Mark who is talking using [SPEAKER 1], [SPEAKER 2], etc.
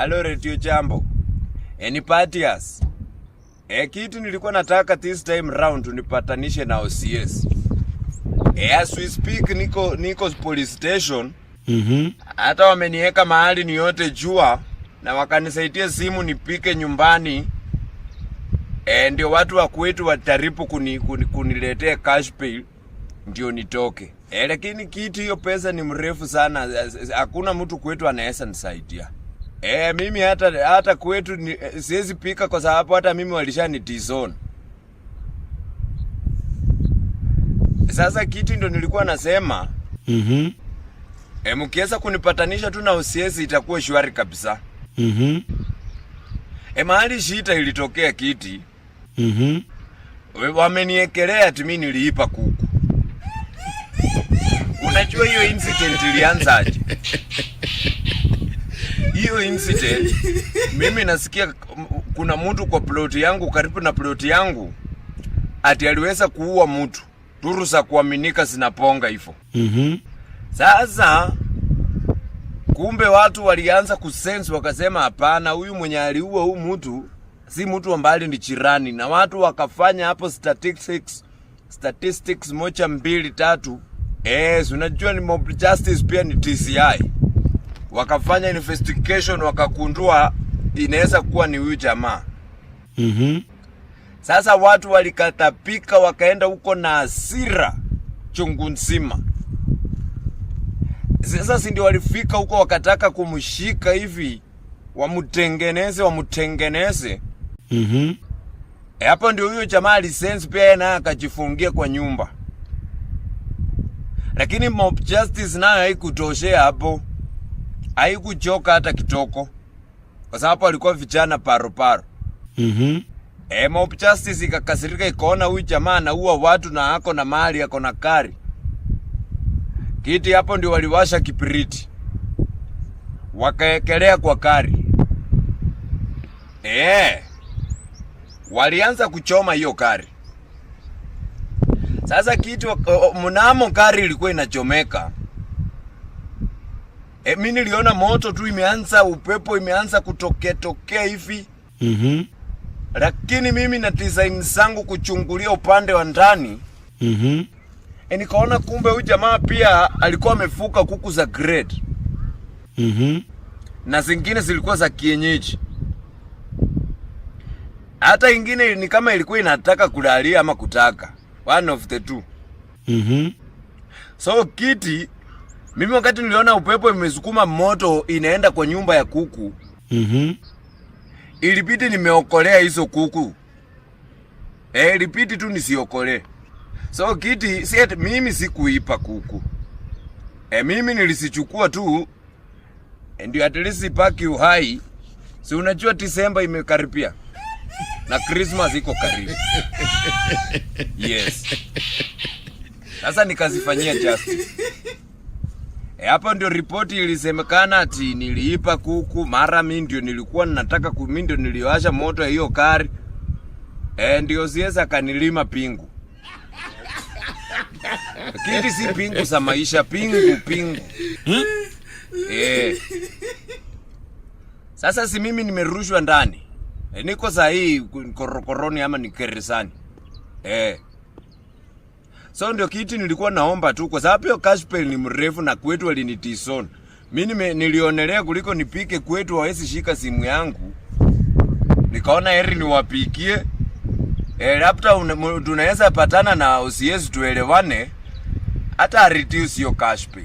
[SPEAKER 1] Halo Radio Jambo. Enipatias. E, eh, kitu nilikuwa nataka this time round unipatanishe na OCS. E, eh, as we speak niko niko police station. Mhm. Mm, hata wameniweka mahali niyote jua na wakanisaidia simu nipike nyumbani. E, ndio watu wa kwetu wataripu kuni, kuni, kuniletea cash pay ndio nitoke. E, lakini kitu hiyo pesa ni mrefu sana, hakuna mtu kwetu anaweza nisaidia. Eh, mimi hata hata kwetu eh, siwezi pika kwa sababu hata mimi walishani dizon. Sasa kitu ndo nilikuwa nasema. Mhm. Mm eh, mkiweza kunipatanisha tu na usiezi itakuwa shwari kabisa. Mhm. Mm eh, mahali shita ilitokea kiti. Mhm. Mm wameniekelea ati mimi niliipa kuku. Unajua hiyo incident ilianzaje? hiyo incident mimi nasikia kuna mtu kwa ploti yangu karibu na ploti yangu ati aliweza kuua mtu duru za kuaminika zinaponga hivyo. mm -hmm. Sasa kumbe watu walianza kusense wakasema, hapana, huyu mwenye aliua huu mtu si mtu ambali, ni jirani, na watu wakafanya hapo statistics, statistics moja mbili tatu. Eh, unajua ni mob justice pia ni TCI wakafanya investigation wakakundua inaweza kuwa ni huyu jamaa mm -hmm. Sasa watu walikatapika wakaenda huko na hasira chungu nzima. Sasa si ndio walifika huko wakataka kumshika hivi wamutengeneze wamutengeneze. mm -hmm. E, hapo ndio huyo jamaa alisense pia yeye naye akajifungia kwa nyumba, lakini mob justice nayo haikutoshea hapo haikuchoka hata kitoko, kwa sababu alikuwa vijana paroparo. mm-hmm. E, eh, Mob Justice ikakasirika ikaona huyu jamaa anaua watu na ako na mali ako na kari kiti. Hapo ndio waliwasha kipiriti wakaekelea kwa kari e, walianza kuchoma hiyo kari. Sasa kiti mnamo kari ilikuwa inachomeka E, mi niliona moto tu imeanza, upepo imeanza kutokea tokea hivi mm -hmm. Lakini mimi na design zangu kuchungulia upande wa ndani mm -hmm. E, nikaona kumbe huyu jamaa pia alikuwa amefuka kuku za grade mm -hmm. Na zingine zilikuwa za kienyeji, hata ingine ni kama ilikuwa inataka kulalia ama kutaka, one of the two mm -hmm. So kiti mimi wakati niliona upepo imesukuma moto inaenda kwa nyumba ya kuku mm -hmm. Ilibidi nimeokolea hizo kuku e, ilibidi tu nisiokolee. So kiti si eti mimi sikuipa kuku e, mimi nilisichukua tu eh, ndio at least ipaki uhai. Si unajua Disemba imekaribia na Christmas iko karibu. Yes, sasa nikazifanyia justice E, hapo ndio ripoti ilisemekana ati niliipa kuku, mara mimi ndio nilikuwa ninataka ku, mimi ndio niliwasha moto hiyo kari e, ndio siweza kanilima pingu kiti si pingu za maisha, pingu pingu Eh. E. Sasa si mimi nimerushwa ndani e, niko saa korokoroni ama nikeresani Eh. So ndio kitu nilikuwa naomba tu, kwa sababu hiyo Kashpel ni mrefu na kwetu alinitison. Mimi nilionelea kuliko nipike kwetu, hawezi shika simu yangu, nikaona heri niwapikie e, labda tunaweza patana na usiezi tuelewane, hata reduce cash Kashpel.